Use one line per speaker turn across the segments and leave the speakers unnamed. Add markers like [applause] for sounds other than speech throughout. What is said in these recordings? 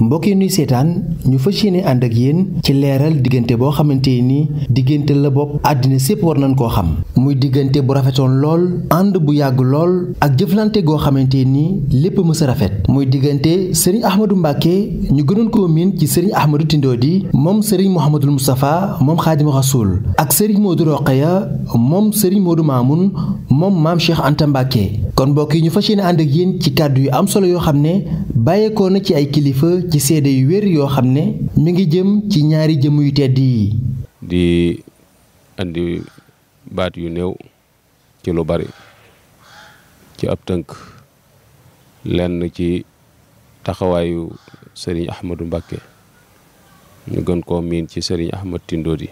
mbokk yi nuy seetaan ñu fas yéene ànd ak yéen ci leeral diggante boo xamante ni diggante la bopp àddina sépp war nañ koo xam muy diggante bu rafetoon lool ànd bu yàgg lool ak jëflante goo xamante ni lépp mës a rafet muy diggante sëriñ Ahmadou Mbacke ñu gënoon koo miin ci sëriñ Ahmadou Tindodi moom sëriñ Mouhamadul Moustapha moom Xaadimu Rasuul ak sëriñ Modou Roqaya moom sëriñ Modou Mamoun moom maam Cheikh Anta Mbacke kon mbokk yi ñu fa yéene ànd ak yéen ci kàddu yu am solo yoo xam ne bàyyeekoo na ci ay kilifa. ci seede yu wér yoo xam ne mu ngi jëm ci ñaari jëmm yu tedd yi.
di andi baat yu néew ci lu bari ci ab tënk lenn ci taxawaayu sëriñ Ahmadou Mbacké ñu gën koo miin ci sëriñ Ahmad Tindodi.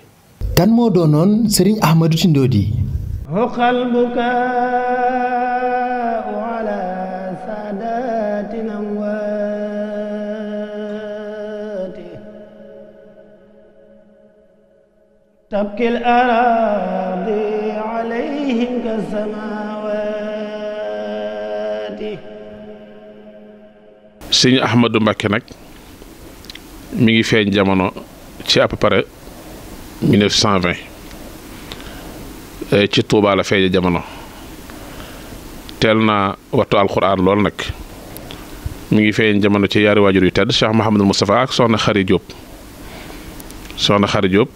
kan moo doonoon sëriñ Ahmadou Tindodi.
تبكي الأراضي عليهم كالسماوات
sëñ Ahmadou Mbacké nag mi ngi feeñ jamono ci à peu près 1920 ci Touba la feeñe jamono teel naa wattu alxuraan lool nag mi ngi feeñ jamono ci yaari waajur yu tedd Cheikh Mouhamadul Moustapha ak soxna Xari Diop soxna Xari Diop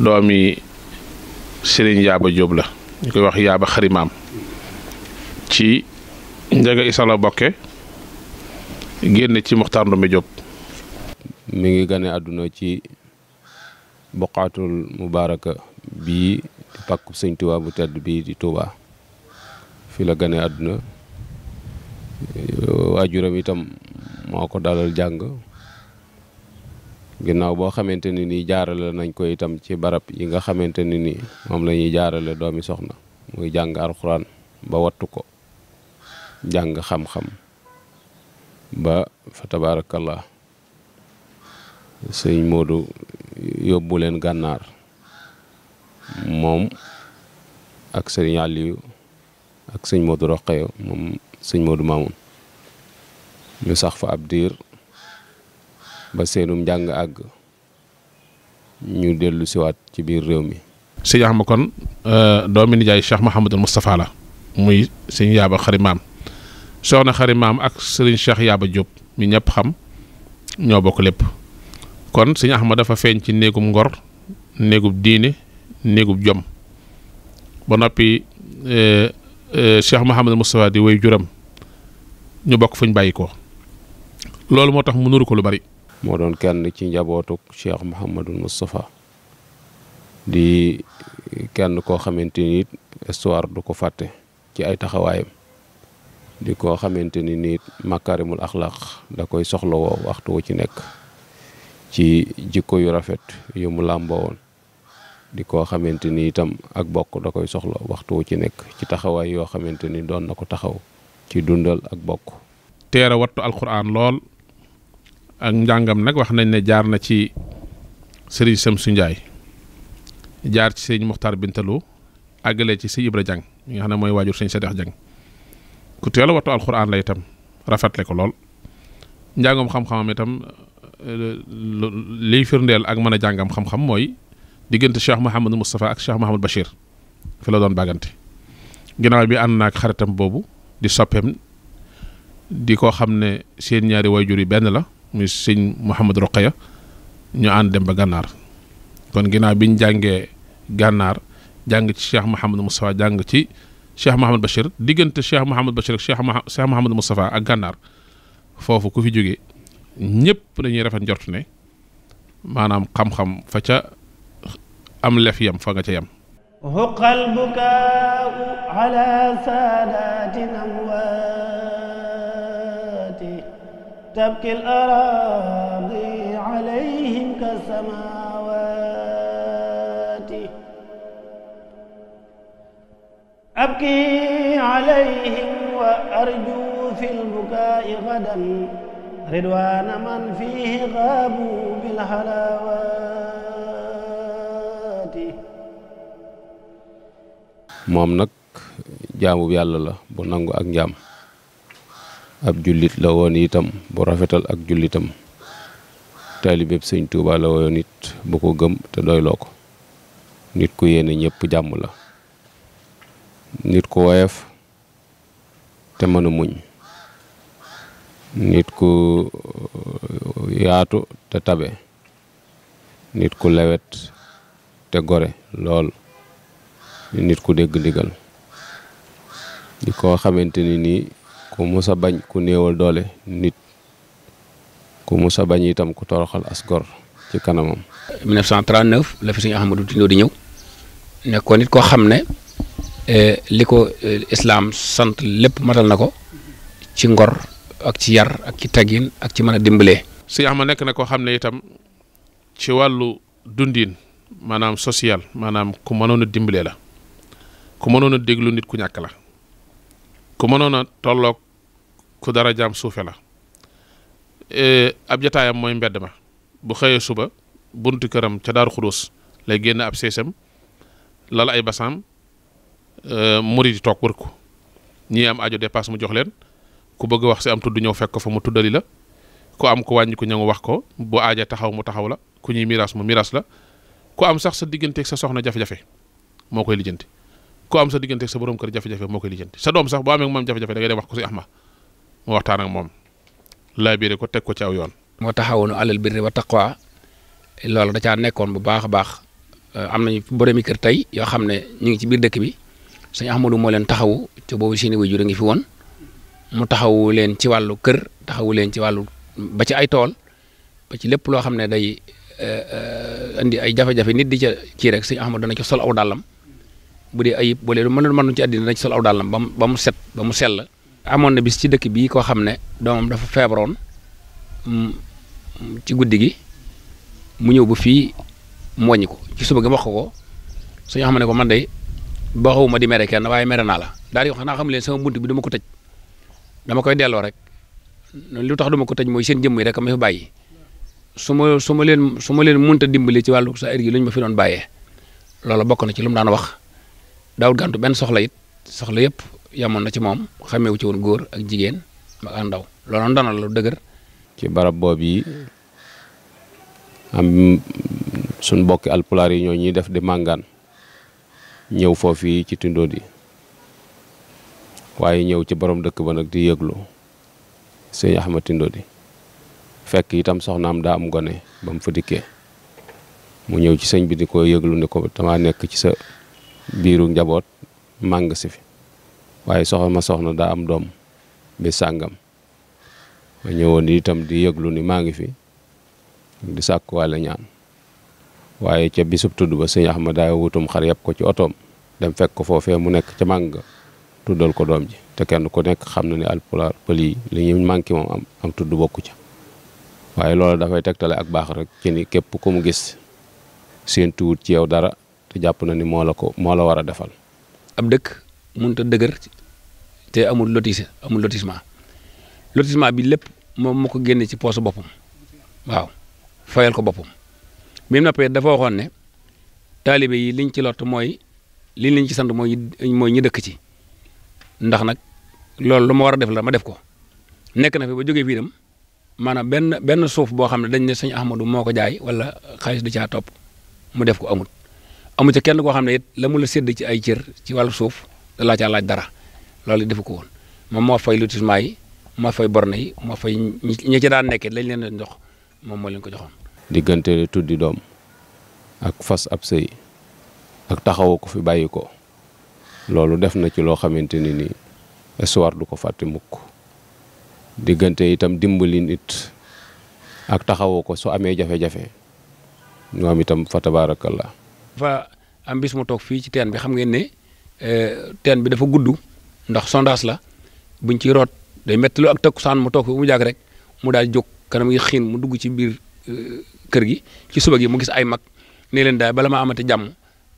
doomi Serigne Yaaba Jóob la ñu koy wax Yaaba Xarimaam ci Njaga Isa la bokke génn ci Muxtaar Ndume Jóob
mi ngi gane àdduna ci boqaatul mubaaraka bii di pàkku sëñ Tuubaa bu tedd bii di Tuubaa fi la gane àdduna waajuram itam moo ko dalal jàng ginnaaw boo xamante ni nii jaarale nañ ko itam ci barab yi nga xamante ni nii moom lañuy jaarale doomi soxna muy jàng alxuraan ba wattu ko jàng xam-xam ba fa tabaarakallah sëñ Modou yóbbu leen gànnaar moom ak sëriñ Aliou ak sëñ Modou Roqeyo moom sëñ Modou Mamoun ñu sax fa ab diir ba
seenum njàng àgg ñu dellu siwaat ci biir réew mi sëñ Axma kon euh, doomi nijaay Cheikh Mouhamadul Moustapha la muy sëñ Yaaba Xari Maam soxna Xari Maam ak sëriñ Cheikh Yaaba Diop mi ñëpp xam ñoo bokk lépp kon sëñ Axma dafa feeñ ci néegum ngor néegub diine néegub jom ba noppi euh, euh, Cheikh Mouhamadul Moustapha di woy juram ñu bokk fuñ ñu bàyyi ko loolu moo tax mu nuru ko lu bari
moo doon kenn ci njabootuk cheikh Mouhamadul Moustapha di kenn koo xamante ni histoire du ko fàtte ci ay taxawaayam di koo xamante nit makarimul akhlaq da koy soxlawoo waxtu wu ci nekk ci jikko yu rafet yu mu di koo xamante ni itam ak bokk da koy soxla waxtu wu ci nekk ci taxawaay yoo xamante ni doon taxaw ci dundal ak bokk.
teer a wattu alquran lool. ak njàngam nag wax nañ ne jaar na ci sëriñ su Njaay jaar ci sëriñ Muxtaar Bintaloo àggale ci sëriñ Ibra Jang mi nga xam ne mooy waajur sëriñ Sadex Jang ku teel a wattu alxuraan la itam rafet ko lool njàngam xam-xamam itam euh, liy firndeel ak mën a jàngam xam-xam mooy diggante Cheikh Mouhamadou Moustapha ak Cheikh Mouhamadou Bachir fi la doon bàggante ginnaaw bi ànd naag xaritam boobu di soppeem di ko xam ne seen ñaari waajur yi benn la muy sëñ Mouhamad Roqaya ñu ànd dem ba gànnaar kon ginnaaw biñ jàngee gànnaar jàng ci Cheikh Mouhamadou Moustapha jàng ci Cheikh Mouhamad Bachir diggante Cheikh Mouhamad Bachir ak Cheikh Mouha Cheikh Mouhamadou Moustapha ak gànnaar foofu ku fi jóge ñëpp dañuy rafet njort ne maanaam xam-xam fa ca am lef yam fa nga ca yam.
huqal bukaa'u ala saadatin amwaat تبكي الأراضي عليهم كالسماوات أبكي عليهم وأرجو في البكاء غدا رضوان من فيه غابوا بالحلاوات
moom nag jaamu yàlla la bu nangu ak njaam ab jullit la woon itam bu rafetal ak jullitam taalibeeb sëñ Tuuba la woon it bu ko gëm te doyloo ko nit ku yéene ñëpp jàmm la nit ku woyof te mën a muñ nit ku uh, yaatu te tabe nit ku lewet te gore lool nit ku dégg ndigal di koo xamante nii ku musa bañ ku néewal doole nit ku musa bañ itam ku toroxal
asgor ci kanamam. 1939 la fi sëñ Ahmadou Tindoo di ñëw nekkoon nit koo xam ne eh, li ko eh, islaam sant lépp matal na ko ci ngor ak ci yar ak ci teggin ak ci mën a dimbalee.
sëñ Ahmad nekk na koo xam ne itam ci wàllu dundin maanaam sociale maanaam ku mënoon a dimbalee la ku mënoon a déglu nit ku ñàkk la. ku mënoon a tollook ku dara jaam suufe la e, ab jataayam mooy mbedd ma bu xëyee suba buntu këram ca daaru xudus lay génn ab seesam lal ay basaam e, murid yi toog wër ko ñii am aajo dépasse mu jox leen ku bëgg wax si am tudd ñëw fekk fa mu tuddali la ku am ku wàññi ko ñëw wax ko bu aaja taxaw mu taxaw la ku ñuy miraas mu miraas la ku am sax sa digganteeg sa soxna jafe-jafe moo koy lijjanti ku am sa diggante sa borom kër jafe-jafe moo koy lijjanti sa doom sax boo amee moom jafe-jafe da ngay dem wax ko si Axma mu ko teg ko ci aw yoon. moo taxawoonu alal birri
wa taqwa loolu da caa nekkoon bu baax a baax euh, am nañu boromi kër tey yoo xam ne ñu ngi ci biir dëkk bi sëñ Ahmadou leen taxawu te boobu seeni waajur a ngi fi woon mu taxawu leen ci wàllu kër taxawu leen ci wàllu ba ci ay tool ba ci lépp loo xam ne day euh, euh, indi ay jafe-jafe nit di ca kii rek suñ Ahmadou dana ci sol aw dàllam Budi ayib bu dee lu mën a ci adina ci sol aw dalam bam bam set bam sel sell. na bis ci dëkk bi ko xam domam dafa feebaroon mm, ci guddi gi mu ñëw bu fi mu ko ci suba gam wax ko suñu xam ko man day ba xawuma di mere kenn waye mere na la dal di wax xam leen sama buntu bi dama ko tej dama koy delo rek lu tax duma ko tej moy seen jëm yi rek ma fi suma munta dimbali ci walu sa ergi yi lu ma fi don bàyyee lolo bokk na ci lum daan wax. daawul gàntu benn soxla it soxla yëpp yamoon na ci moom xameewu ci woon góor ak jigéen mag ak ndaw loolu noonu dana lu dëgër. ci barab boobu yi
am suñ mbokki alpulaar yi ñoo ñuy def di màngaan ñëw foofu ci Tindodi waaye ñëw ci borom dëkk ba nag di yëglu sëñ Ahmad Tindodi fekk itam soxnaam daa am gone ba mu mu ñëw ci sëñ bi di ko yëglu ni ko dama nekk ci sa. biru njabot mang si fi waye soxna ma soxna da am dom bi sangam ma itam di yeglu ni maa ngi fi di wala ñaan waye ca bisub tuddu ba seigne ahmad ay wutum xar yeb ko ci otoom dem fekk ko fofé mu nek ca mang tuddal ko dom ji te kenn ku nek xamna ni al pular li ñu manki mom am am tuddu bokku ca waaye loolu fay tektale ak bax rek ci ni kep ku mu gis seen tuut ci yow dara te jàpp na ni moo la ko
moo la war a defal. ab dëkk mënut a dëgër te amul lotise amul lotissement lotissement bi lépp moom moo ko génne ci poosu boppam waaw fayal ko boppam bi mu noppee dafa waxoon ne taalibe yi liñ ci lot mooy liñ liñ ci sant mooy mooy ñi dëkk ci ndax nag loolu lu ma war a def la ma def ko nekk na fi ba jógee fii dem maanaam benn benn suuf boo xam ne dañ ne sëñ Ahmadou moo ko jaay wala xaalis di caa topp mu def ko amul. amu ca kenn koo xam ne it la mu la sédd ci ay cër ci wàllu suuf da laa caa laaj dara loolu defu ko woon moom moo fay lotissement yi moo fay borne yi moo fay ñi ci daan nekkee lañ leen jox moom moo leen ko joxoon.
diggante tuddi doom ak fas ab sëy ak taxawoo ko fi bàyyi ko loolu def na ci loo xamante ni nii histoire du ko fàtte mukk diggante itam dimbalin it ak taxawoo ko soo amee jafe-jafe ñoom itam fa tabaarakallah
fa am bis mu tok fii ci teen bi xam ngeen ne eh, teen bi dafa guddou ndax sondage la buñ ci rot day metti lu ak takkusaan mu tok fi mu jàgg rek mu daal jog kanam gi xin mu dugg ci biir eh, kër gi ci suba gi mu gis ay mag ne leen daal bala ma amati jàmm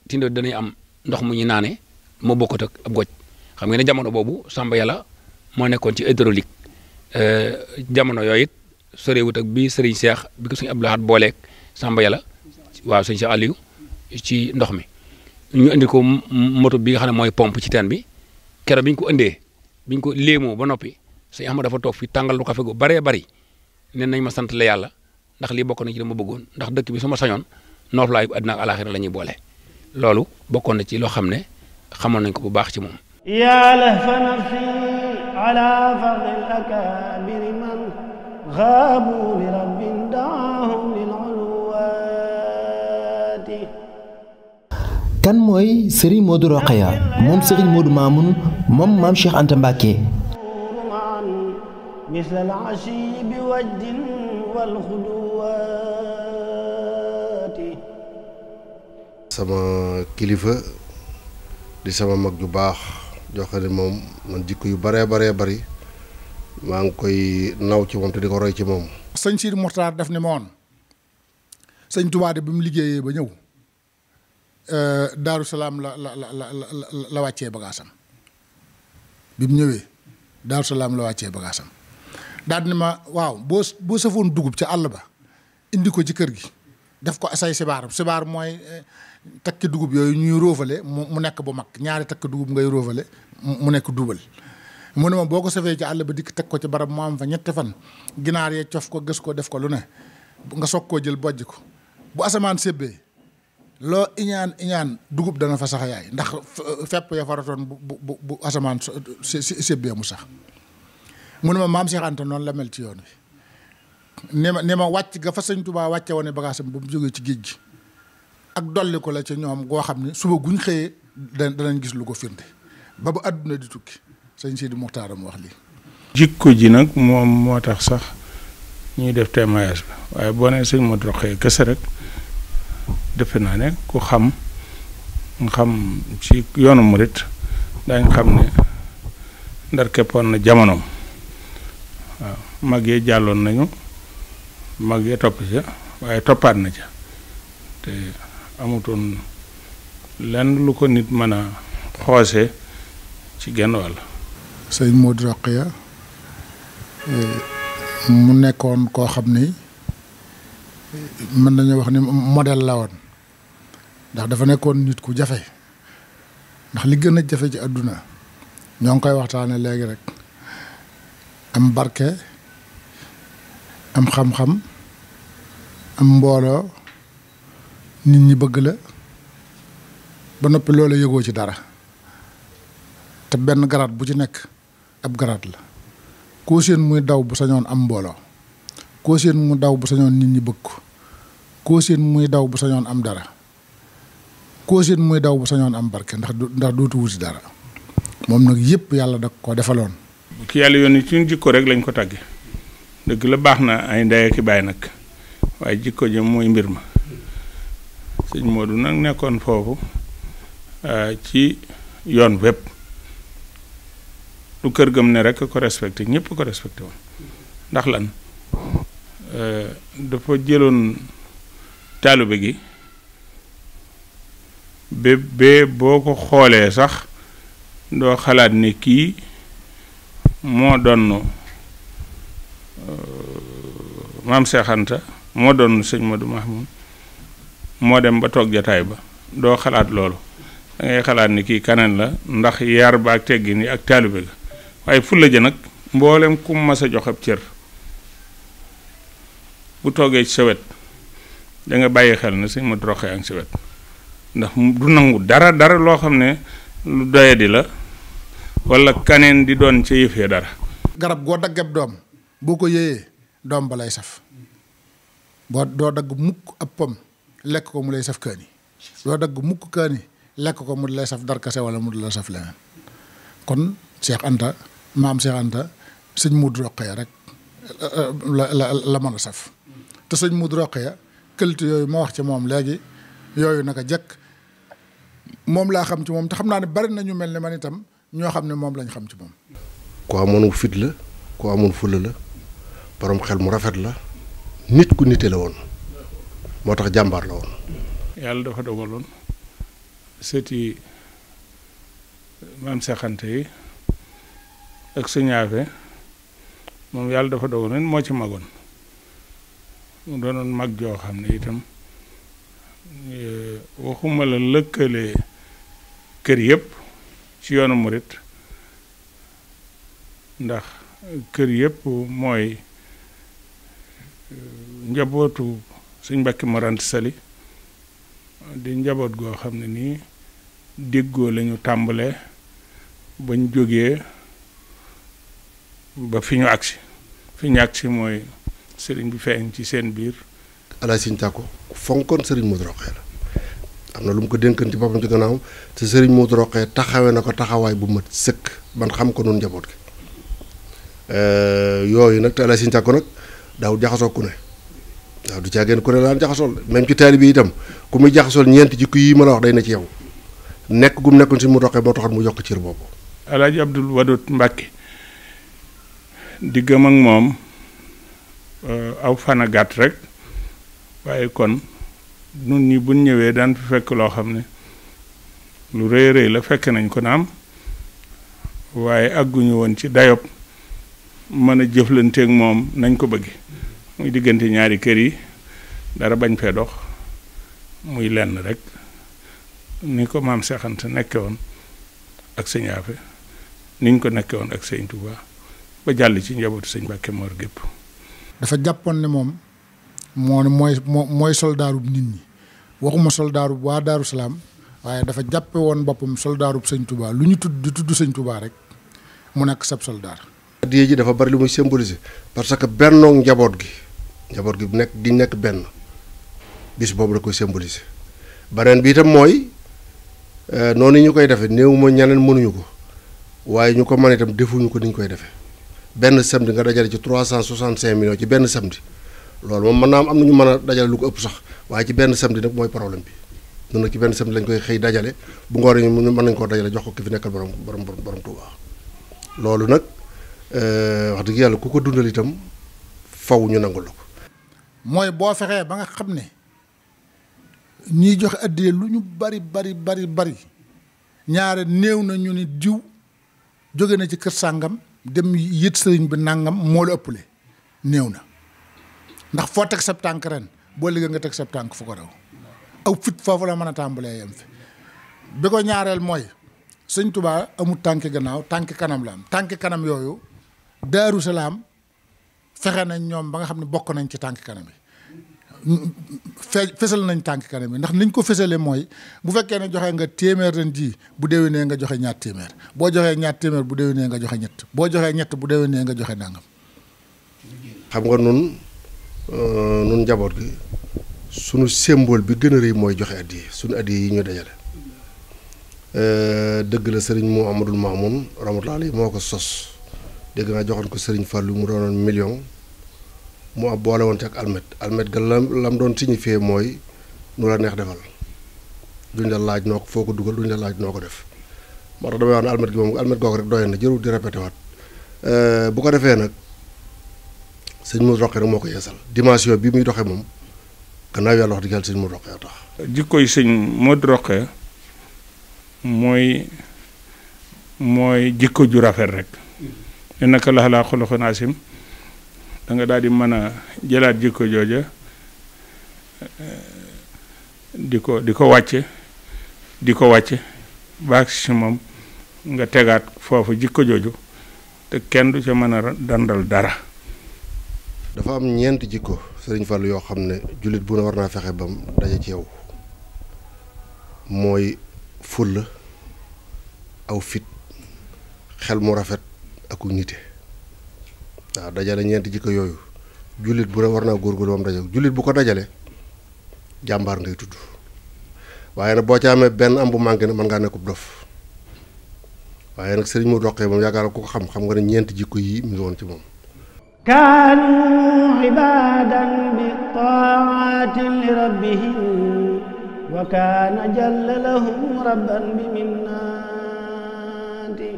tindo danay am ndox mu ñu naane mo bokkat ak ab goj xam ngeen ne jamono bobu Samba yalla mo nekkon ci hydraulique eh, jamono yoy it wut ak bi Serigne Cheikh bi ko suñu Abdoulahat bolek Samba yalla waaw serigne Cheikh Aliou ci ndox mi ñu andi ko moto bi nga xamne moy pompe ci teen bi kéro biñ ko ëndé biñ ko lémo ba nopi sey Ahmad dafa tok fi tangal lu fe go bare bari nee nañ ma sant la yalla ndax li bokk na ci dama bëggoon ndax dëkk bi suma sañon sañoon lay bu àddina ak alaxira la ñuy boole na ci lo xamne xamal nañ ko bu baax ci moom.
yaa lahfa nafsi ala fardil akabiri man xaabu li rabbin daahum
kan mooy Serigne Modou Rokhaya moom Serigne Modou Mamoun moom maam Cheikh Anta Mbacke.
sama kilifa di sama mag ju baax joxe ne moom man jikko yu baree baree bari maa ngi koy naw ci moom te di ko roy ci moom.
sëñ Sidi Moxtaar def ne ma sëñ Tuubaa bi mu liggéeyee ba ñëw. Euh, daaru salaam la la la wàccee bagaasam bi mu ñëwee daaru salaam la wàccee bagaasam daal ni ma waaw boo boo safoon dugub ci àll ba indi ko ci kër gi def ko say sibaar sibaar mooy eh, takki dugub yooyu ñuy róofale mu nekk bu mag ñaari takki dugub ngay róofale mu nekk duubal mu ne ma boo ko safee ci àll ba dikk teg ko ci barab mu am fa ñetti fan ginaar yee cof ko gës ko def ko lu ne nga soog koo jël bojj ko bu asamaan sébbee loo iñaan iñaan dugub dana fa sax yaay ndax fepp ya faratoon bu bu bu asamaan si si sébbee mu sax mu ne ma maam Cheikh noonu la mel ci yoon wi ne ma ne ma wàcc ga fa sëñ Tuubaa wàcce woon bagaasam ba mu jógee ci géej gi ak dolli ko la ca ñoom goo xam ne suba guñ xëyee danañ gis lu ko firnde ba ba àdduna di tukki sëñ Sidi Muxtaar mu wax lii.
jikko ji nag moom moo tax sax ñuy def témoignage bi waaye boo nee sëñ Modou Rokhaya rek. defe naa ne ku xam nga xam ci yoonu murit daañ xam ne ndar keppoon na jamonoom waaw mag yee jàlloon nañu mag yee topp ca waaye toppaat na ca te amutoon lenn lu ko nit mën a xoose ci genn wàll
sëñ Modou Rokhaya eh, mu nekkoon koo xam ni mën nañu wax ni model la woon ndax dafa nekkoon nit ku jafe ndax li gën a jafe ci àdduna ñoo ngi koy waxtaane léegi rek am barke am xam-xam am mbooloo nit ñi bëgg la ba noppi loolu yëgoo ci dara te benn garaat bu ci nekk ab garaat la koo seen muy daw bu sañoon am mbooloo koo seen mu daw bu sañoon nit ñi bëgg ko koo seen muy daw bu sañoon am dara koo seen muy daw bu sañoon am barke ndax du ndax dootu wuti dara moom nag yépp yàlla da ko defaloon.
ki yàlla yoon yónni ci jikko rek lañ ko tàgge dëgg la baax na ay ndey ak nag waaye jikko jëm mooy mbir ma sëñ Modou nag nekkoon foofu euh, ci yoon wépp du kër gëm ne rek ko respecté ñëpp ko respecté woon ndax lan euh, dafa jëloon taalibe gi. boo ko xoolee sax doo xalaat ni kii moo doon euh, maam Seex Anta moo doon sëñ Modou Mahmoud moo dem ba toog jataay ba doo xalaat loolu da xalaat ni kii kaneen la ndax yar ba ak teggin ak taalibe ga waaye fulla ja nag mboolem ku mas a jox ab cër bu toogee ci sa wet bàyyi xel na sëñ ma Rokhaya ak sa ndax du nangu dara dara loo xam ne lu di la wala kaneen di doon ci yëfee dara
garab goo daggab doom boo ko yéyee doom ba lay saf boo doo dagg mukk ab pom lekk ko mu lay saf kaani doo dagg mukk kaani lekk ko mu lay saf darkase wala mu la saf leneen kon cheikh anta maam cheikh anta sëñ mud ya rek euh, euh, la la la mën a saf te sëñ mud roqee këlti yooyu ma wax ci moom léegi yooyu naka jekk moom laa xam ci moom te xam naa ne bari na ñu mel ne man itam ñoo xam ne moom lañ xam ci moom.
ku amoon fit la ku amoon fulla la borom xel mu rafet la nit ku nite la woon moo tax jàmbaar la woon.
yàlla dafa dogaloon sëti maam Seexante yi ak suñaafe moom yàlla dafa dogaloon moo ci magoon mu doonoon mag joo xam ne itam eh, waxuma la lëkkalee. kër yëpp ci yoonu murit ndax kër yëpp mooy euh, njabootu suñ mbàkki marant sali di njaboot goo xam ne nii déggoo lañu tàmbale bañ jógee ba fi ñu agsi fi ñu agsi mooy sëriñ bi feeñ ci seen biir
alaaj siñ tàkko fonkoon sëriñ Modou Rokhaya la am na lu mu ko dénkan ci boppam ci gannaawam te sëriñ Modou Rokhaya taxawe na ko taxawaay bu ma sëkk ban xam ko noonu njaboot gi euh, yooyu nag te El Hadj Ndiago nag daaw jaxasoo ku ne waaw du caa génn ku ne laan jaxasool même ci taalibe bi itam ku muy jaxasool ñeent jikko yi ma la wax day na ci yow nekk gum nekkoon si mu doxee moo taxoon mu yokk cër boobu.
El Hadj Abdoul Wadoud Mbacke diggam ak moom euh, aw fan a gàtt rek waaye kon. nun ñi buñ ñëwee daan fi fekk loo xam ne lu rëy rëy la fekk nañ ko naam waaye àgguñu woon ci dayob mën a jëflanteeg moom nañ ko bëgge muy diggante ñaari kër yi dara bañ fee dox muy lenn rek ni ko maam Seex Anta nekke woon ak sëñ Afe niñ ko nekke woon ak sëñ Tuubaa ba jàll ci njabootu sëñ Mbàkke Mor gépp
dafa jàppoon ne moom moo mooy mooy soldaarub nit ñi waxuma soldaarub waa Daaru Salaam waaye dafa jàppe woon boppam soldaarub sëñ Touba lu ñu tudd di tudd sëñ Touba rek mu nekk sab soldaar.
addiya ji dafa bari lu muy symboliser parce que bennoo njaboot gi njaboot gi bu nekk di nekk benn bis boobu da koy symboliser beneen bi itam mooy euh, noonu ñu koy defee néew ma ñeneen mënuñu ko waaye ñu ko mën itam defuñu ko ni ñu koy defee benn samedi nga dajale ci 365 millions ci benn samedi. loolu moom mën naa am am nañu mën a dajale lu ko ëpp sax waaye ci benn samedi nag mooy problème bi noonu nag ci benn samedi lañ koy xëy dajale bu ngoor ñu mën nañ koo dajale jox ko ki fi nekkal borom borom borom Tuuba loolu nag euh, wax dëgg yàlla ku ko dundal itam faw ñu nangul la ko mooy boo fexee ba nga
xam ne ñiy joxe addiye lu ñu bari bari bari bari ñaare néew na ñu ni diw jóge na ci kër sàngam dem yët sëriñ bi nàngam moo la le néew na ndax foo teg sab tànk ren boo liggéey nga teg sab tànk fu ko raw aw fit foofu la mën a tàmbalee yem fi bi ko ñaareel mooy sëñ tubaa amul tànki gannaaw tànki kanam la am tànki kanam yooyu daaru salaam fexe nañ ñoom ba nga xam ne bokk nañ ci tànki kanam yi fe fesal nañ tànk kanam yi ndax niñ ko fesalee mooy bu fekkee ne joxe nga téeméer ren ji bu nee nga joxe ñaar téeméer boo joxee ñaar téeméer bu déwénee nga joxe ñett boo joxee ñett bu déwénee nga
joxe nangam. nga Euh, nun jabor gi sunu symbole bi gëna reuy moy joxe addi sunu addi yi ñu dajale deug la serigne mo amadou mamoun rahmatullah moko sos deug na joxon ko serigne fallu mu donon million mo ab boole woon almet almet ga lam lam doon signifié moy nu la neex defal duñ la laaj nok foko duggal duñ la laaj noko def wax almet gi mom almet gog rek doyna jëru di répéter wat euh bu ko nak sëñ Modou Rokhaya rek moo ko yeesal dimension bi muy doxee moom gannaaw yàlla wax dëgg yàlla sëñ Modou Rokhaya tax. jikkoy sëñ Modou Rokhaya
mooy mooy jikko ju rafet rek. innaka laxalaa xuluqin asim da nga daal di mën a jëlaat jikko jooja eh, di ko di ko wàcce di ko wàcce baax si moom nga tegaat foofu jikko jooju te kenn du ca mën a
dandal dara. dafa am ñeenti jikko sëriñ Fallou yoo xam ne jullit bu ne war naa fexe bam daje ci yow mooy fulla aw fit xel mu rafet aku nite waaw dajale ñeenti jikko yooyu jullit bu ne war naa góorgóorlu bam daje jullit bu ko dajale jàmbaar ngay tudd waaye nag boo ca amee benn am bu manqué ne man ngaa nekkub dof waaye nag sëriñ mu doqee moom yaakaar ku ko xam xam nga ne ñeenti jikko yi mu ngi woon ci moom
kaanuu ibaadan bi taatin li rabbihim wa kaana jalla lahum rabban bi minnaati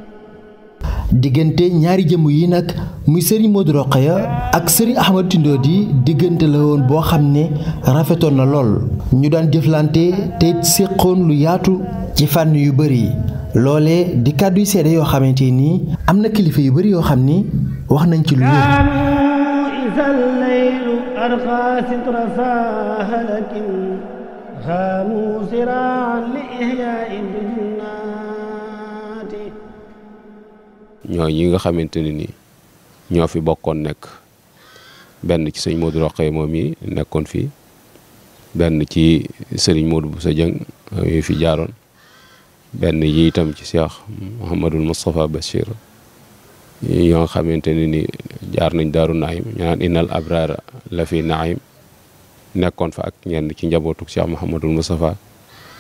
diggante ñaari jëmm yi nag muy sëriñ Modou Rokhaya ak sëriñ Ahmad Tindodi diggante la woon boo xam ne rafetoon na lool ñu daan jëflante te séqoon lu yaatu ci fànn yu bari loole di kàddu yu seede yoo xamante nii am na kilifa yu bari yoo xam ni wax
nañ ci lu
ñoo ñi nga xamante ne ni ñoo fi bokkoon nekk benn ci sëñ Modou Roqe moom yi nekkoon fii benn ci sëriñ Modou Bousso Dieng yi fi jaaroon benn yi itam ci Cheikh Mouhamadul Moustapha Bachir yoo nga xamante ne ni jaar nañ daaru naayim ñu naan innal abrara la fi naayim nekkoon fa ak ñenn ci njabootu Cheikh Mouhamadul Moustapha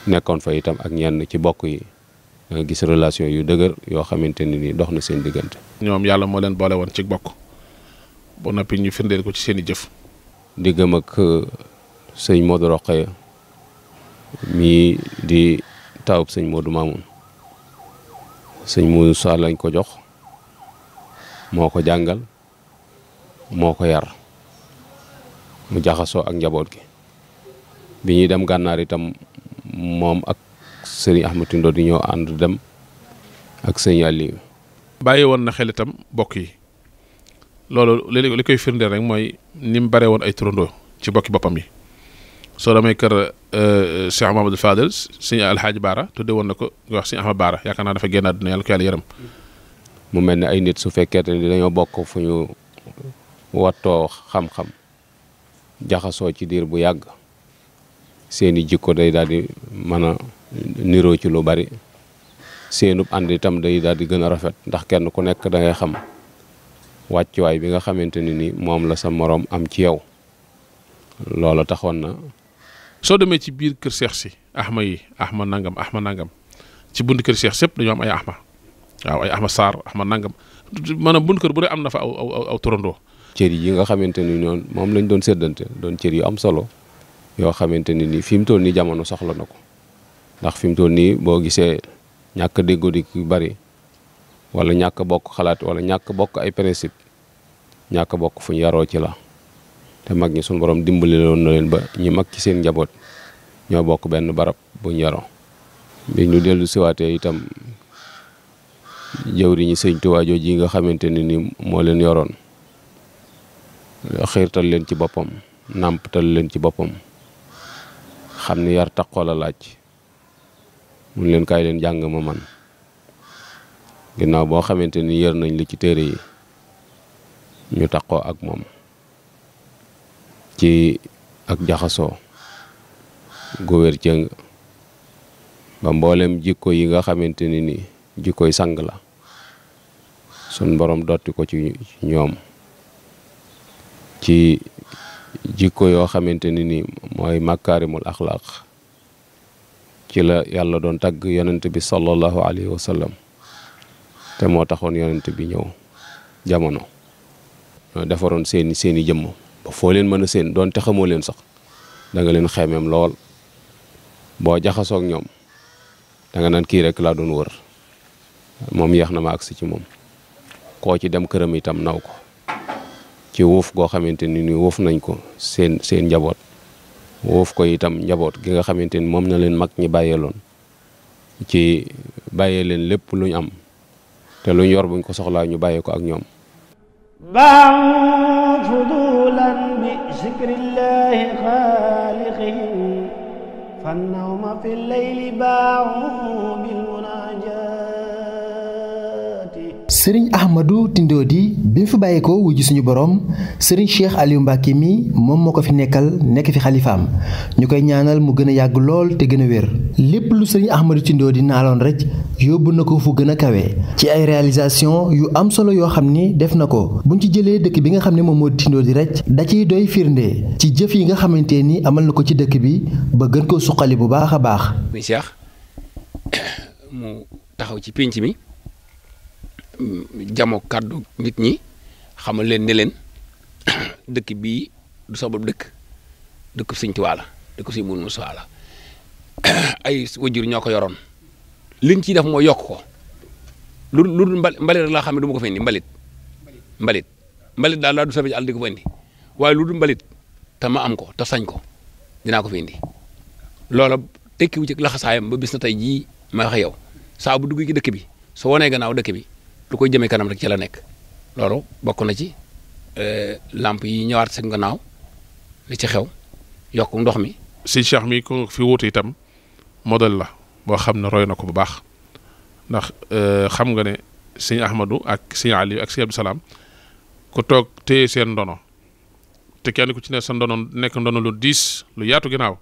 nekkoon fa itam ak ñenn ci bokk yi da gis relation yu dëgër yoo xamante ne ni dox na seen diggante.
ñoom yàlla moo leen boole woon ci bokk ba noppi ñu firndeel ko ci seen i jëf.
diggam ak uh, sëñ Modou Rokhaya mii di. tawub sëñ Modou Mamoun modou sa lañ ko jox moko jangal moko yar mu jaxaso ak njabot gi bi dem gànnaar itam mom ak sëriñ Ahmed Tindo di ñoo and dem ak sëñ ali
baye won na xel itam bokk yi loolu likoy firnde rek moy nim bare won ay trondo ci bokki bopam yi. soo demee kër euh, Cheikh Mamadou Fadel sëñ Alxaaji Baara tudde woon na ko nga wax sëñ Ahmad Baara yaakaar naa dafa génn àdduna yàlla ko yàlla yërëm
mu mel ne ay nit su fekkee ne dañoo bokk fu ñu wattoo xam-xam jaxasoo ci diir bu yàgg seeni jikko day daal di mën a niroo ci lu bari seenub ànd itam day daal di gën a rafet ndax kenn ku nekk da ngay xam wàccuwaay bi nga xamante ne ni moom la sa moroom am ci yow loola taxoon na
soo demee ci biir kër cheikh si ahma yi ahma nangam ahma nangam ci bunt kër cheikh sepp dañu am ay ahma waaw ay ahma sar ahma nangam manam bunt kër bu dee am na fa aw aw aw torondo
cër yi nga xamanteni lañ doon doon cër yu am solo yoo xamanteni ni fim toll jamono soxla na ko ndax fim mu toll nii boo gisee ñàkk a déggoo di ku bari wala ñàkk bokk xalaat wala ñàkk bokk ay principe ñàkk bokk fu ci la. te mag ñi suñu borom dimbali loon na leen ba ñi mag ci seen njaboot ñoo bokk benn barab buñ yoro bi ñu dellu siwaatee itam jëwriñi sëñ Tuubaa jooju yi nga xamante ne ni moo leen yoroon xiirtal leen ci boppam nàmpatal leen ci boppam xam ni yar taqoo la laaj mun leen kaay leen jàng ma man ginnaaw boo xamante ni yër nañ li ci téere yi ñu taqoo ak moom ci ak jaxaso gower wér ba mbollem jikko yi nga xamanteni ni jikko sang la sun borom dotti ko ci ñom ci jikko yo xamanteni ni moy makarimul akhlaq ci la yalla don tag yonent bi sallallahu alaihi wasallam, te mo taxone yonent bi ñew jamono defaron seeni seeni jëmm ba foo leen mën a séen te xamoo leen sax da nga leen xemeem lool boo jaxasoo ak ñoom danga nga naan kii rek laa doon wër moom yeex na ma agsi ci moom koo ci dem këram itam naw ko ci wuuf goo xamante ni ni wuuf nañ ko seen seen njaboot wuuf ko itam njaboot gi nga xamante ni moom na leen mag ñi loon ci bàyyee leen lépp luñ am te luñ ñu yor buñ ko soxlaa ñu bàyyee ko ak ñoom
فأنهما في الليل باعوا بالمعروف
sëriñ Ahmadou di bi mu fi bàyyeekoo wuy ji suñu borom sëriñ Cheikh Aliou Mbacke mi moom moo ko fi nekkal nekk fi xalifaam ñu koy ñaanal mu gën a yàgg lool te gën a wér lépp lu sëriñ Ahmadou Tindodi naaloon rek yóbbu na ko fu gën a kawe ci ay réalisation yu am solo yoo xam ni def na ko buñ ci jëlee dëkk bi nga xam ne moom moo di rek da ciy doy firnde ci jëf yi nga xamante ni amal na ko ci dëkk bi ba gën koo suqali bu baax a baax.
muy Cheikh mu ci penc mi. jamo kaddu nit ñi xamal leen ne leen [coughs] dëkk bi du sabab dëkk dëkk Sëñ Tuubaa la dëkk Sëñ Muhammadu Mustafaa la [coughs] ay wajur ñoko yoron liñ ci def mo yok ko lu lu mbalit la xamni duma ko fendi mbalit mbalit mbalit da la du sabe al di ko lu du mbalit ta ma am ko ta sañ ko dina ko fendi lolo tekki wu ci ba bis na tay ji ma wax yow bu dugg ci dëkk bi so woné gannaaw dëkk bi lu koy jëmee kanam rek ci la nekk loolu bokk na ci euh, làmp yi ñëwaat sa gannaaw
li ci xew yokk ndox mi. si Cheikh mi ko fi wuute itam modèle la boo xam ne roy na ko bu baax ndax euh, xam nga ne sëñ Ahmadou ak sëñ Aliou ak sëñ Abdou Salaam ku toog téye seen ndono te kenn ku ci ne sa nekk ndono lu diis lu yaatu ginnaaw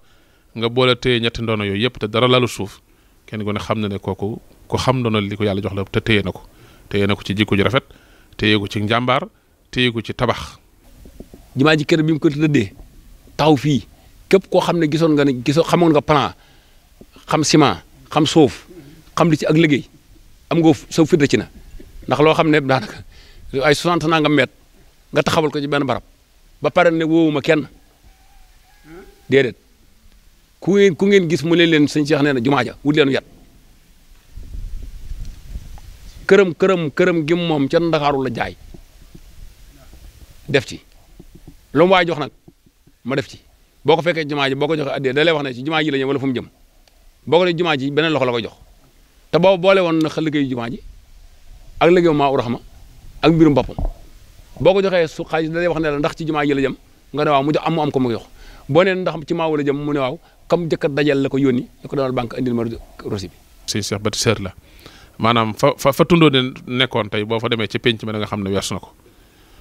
nga boole téye ñetti ndono yooyu yëpp te dara lalu suuf kenn ku ne xam na ne kooku ku xam ndono li ko yàlla jox la te téye na ko. téye na ko ci jikko ju rafet téye ko ci njàmbaar téye ko ci tabax. jumaa ji kër bi mu ko tëddee taw fii képp
koo xam ne gisoon nga ne gisoon xamoon nga plan xam ciment xam suuf xam li ci ak liggéey am nga sa firnde ci na ndax loo xam ne daanaka ay 60 naa nga met nga taxawal ko ci benn barab ba pare ne wóowuma kenn déedéet ku ngeen ku ngeen gis mu ne leen sëñ Cheikh nee na jumaa ja wut leen yat këram këram këram gi moom ca Ndakaaru la jaay def ci lu mu waay jox nag ma def ci boo ko fekkee jumaa ji boo ko joxee addee da lay wax ne ci jumaa ji la ñëw wala fu mu jëm boo ko ne jumaa ji beneen loxo la koy jox te boobu boole woon na liggéeyu jumaa ji ak liggéeyu maa uraxma ak mbirum boppam boo ko joxee su xaalis da lay wax ne la ndax ci jumaa ji la jëm nga ne waaw mu jox am mu am ko mu jox boo nee ndax ci maa wala jëm mu ne waaw comme jëkk dajal la ko yónni la ko demal banque indil ma rosi
bi. si Cheikh Bati Seer la. maanaam fa fa fa tundoo ne nekkoon tey boo fa demee ci penc ma da nga xam ne wees na ko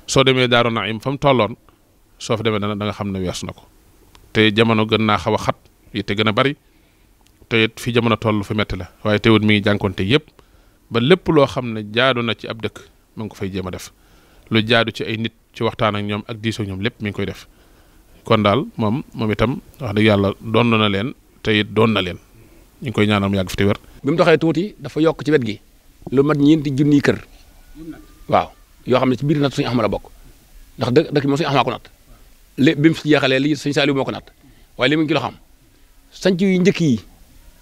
soo demee Daaru Naim fa mu tolloon soo fa demee da nga xam ne wees na ko te jamono gën naa xaw a xat yi te gën a bari te it fi jamono toll fi metti la waaye teewut mi ngi jànkoonte yëpp ba lépp loo xam ne jaadu na ci ab dëkk mu ngi ko fay jéem a def lu jaadu ci ay nit ci waxtaan ak ñoom ak diisoo ñoom lépp mi ngi koy def kon daal moom moom itam wax dëgg yàlla doon na leen te it doon na leen. ñu ngi koy ñaanal mu yàgg fi te bi mu doxee tuuti dafa
yokk ci wet gi lu mat ñeenti junniy kër waaw yoo xam ne ci biir natt suñu axama la bokk ndax dë dëkk bi moom suñu axamaa ko natt bi mu si jeexalee lii suñu saaliw moo ko natt waaye li mu ngi ci loo xam sanc yu njëkk yi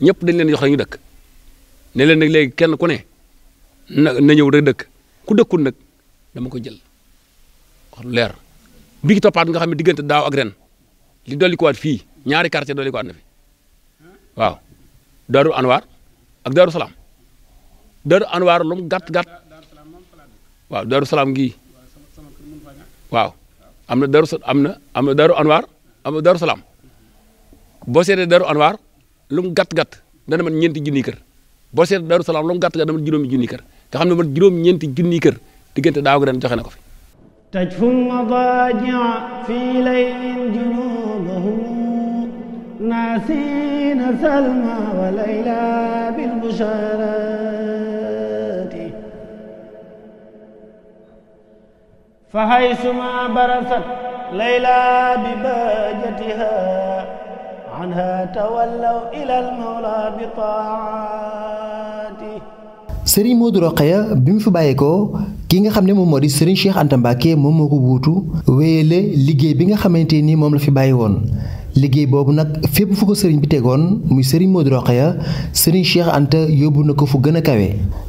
ñëpp dañ leen jox rek ñu dëkk ne leen nag léegi kenn ku ne na na ñëw rek dëkk ku dëkkul nag dama ko jël wax leer bi ki toppaat nga xam ne diggante daaw ak ren li dolli ko waat fii ñaari quartier dolli ko waat na fi waaw Darul Anwar, ak daru salam daru anwar lum gat gat waaw daru salam gi waaw amna daru amna amna daru Darul amna daru salam bo sété daru anwar lum gat gat da na man ñent jinni kër bo sété daru salam lum gat gat da dana man juroom jinni kër nga xam man juroom ñent jinni kër digënté daaw ren joxé na ko fi.
تجفو المضاجع في ليل جنوبهم ناسين سلمى وليلى بالبشارات فحيثما برزت ليلى ببهجتها عنها تولوا إلى المولى بطاعاته
sëriñ مود رقيه bi mu fi ki nga xamne mom modi serigne Cheikh antamba ke mom moko ko weyele wéyale bi nga xamanteni mom la fi bàyyi liggéey boobu nag fépp fu ko sëriñ bi tegoon muy sëriñ Modou Rokhaya sëriñ Cheikh Anta yóbbu na ko fu gën a kawe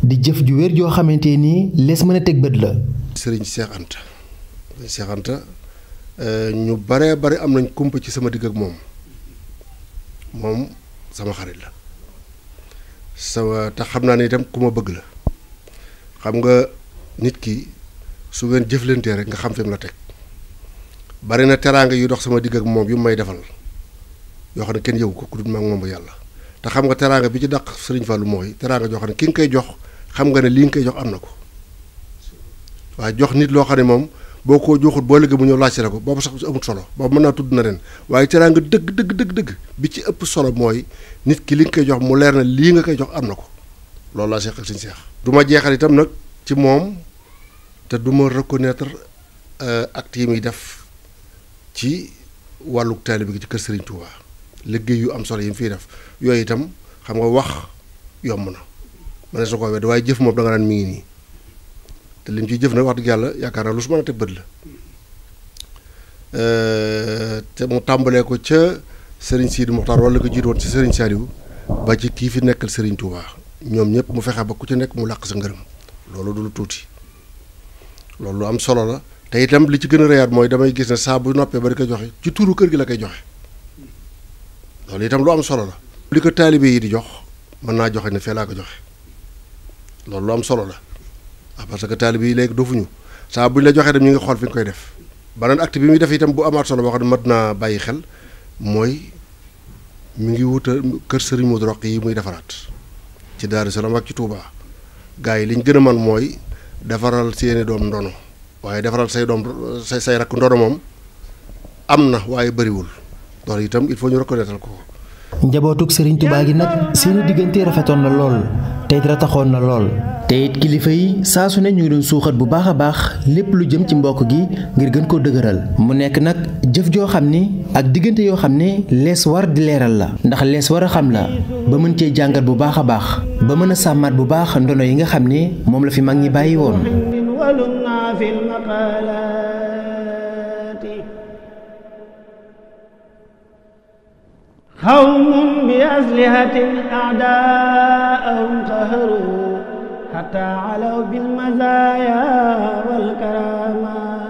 di jëf ju wér joo xamante ni lees mën a teg bët la.
sëriñ Cheikh Anta Cheikh Anta euh, ñu baree bari am nañ kumpa ci sama digg ak moom moom sama xarit la sama te xam naa ni itam ku ma bëgg la xam nga nit ki su ngeen jëflantee rek nga xam fi mu la teg. bari na teraanga yu dox sama digg ak moom yu may defal yoo xam ne kenn yëwu ko ku dul maag moom yàlla te xam nga teraanga bi ci dàq Sëriñ Fallou mooy teraanga joo xam ne ki nga koy jox xam nga ne lii nga koy jox am na ko waaye jox nit loo xam ne moom boo ko joxut boo léegi mu ñëw laaj la ko boobu sax amut solo boobu mën naa tudd na ren waaye teraanga dëgg dëgg dëgg dëgg bi ci ëpp solo mooy nit ki li nga koy jox mu leer na lii nga koy jox am na ko loolu laa seex ak Sëriñ Seex du ma jeexal tam nag ci moom te du ma reconnaître euh, acte yi muy def ci wàllu taalibe gi ci kër Sëriñ Touba. liggéey yu am solo yi mu fiy def yooyu itam xam nga wax yomb na ma ne su ko wedd waaye jëf moom da nga naan mi ngi nii te lim ciy jëf nag wax dëgg yàlla yaakaar naa lu su mën a teg la te mu tàmbalee ko ca Serigne Sidi Mokhtar wala ko jiit woon ci Serigne Saliou ba ci kii fi nekkal Serigne Touba ñoom ñëpp mu fexe ba ku ci nekk mu làq sa ngërëm loolu du lu tuuti loolu lu am solo la te itam li ci gën a rëyaat mooy damay gis ne saa noppee ba di ko joxe ci tuuru kër gi la koy joxe. loolu itam lu am solo la. li ko taalibe yi di jox mën naa joxe ne fee laa ko joxe loolu lu am solo la ah parce que taalibe yi léegi dofuñu saa buñ la joxee dem ñu ngi xool fi nga koy def. beneen acte bi muy def itam bu amaat solo boo xam ne mat naa bàyyi xel mooy mu ngi wuta kër Serigne Modou Rokhaya yi muy defaraat ci Daaru Salaam ak ci tuubaa gars yi li gën a man mooy defaral seeni doom ndono waaye defaral say doom say say rakk ndono moom am na waaye bëriwul. loolu itam il faut ñu reconnaître ko.
njabootug Serigne Touba gi nag seeni diggante rafetoon na lool te it rataxoon na lool. te it kilifa yi saa su ne ñu ngi doon suuxat bu baax a baax lépp lu jëm ci mbokk gi ngir gën koo dëgëral. mu nekk nag jëf joo xam ni ak diggante yoo xam ne lees war di leeral la ndax lees war a xam la ba mën cee jàngat bu baax a baax ba mën a sàmmaat bu baax ndono yi nga xam ne moom la fi mag ñi bàyyi woon.
قوم بأسلحة أعداءهم قهروا حتى علوا بالمزايا والكرامات